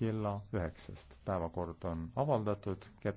kella üheksast. päevakord on avaldatud kätte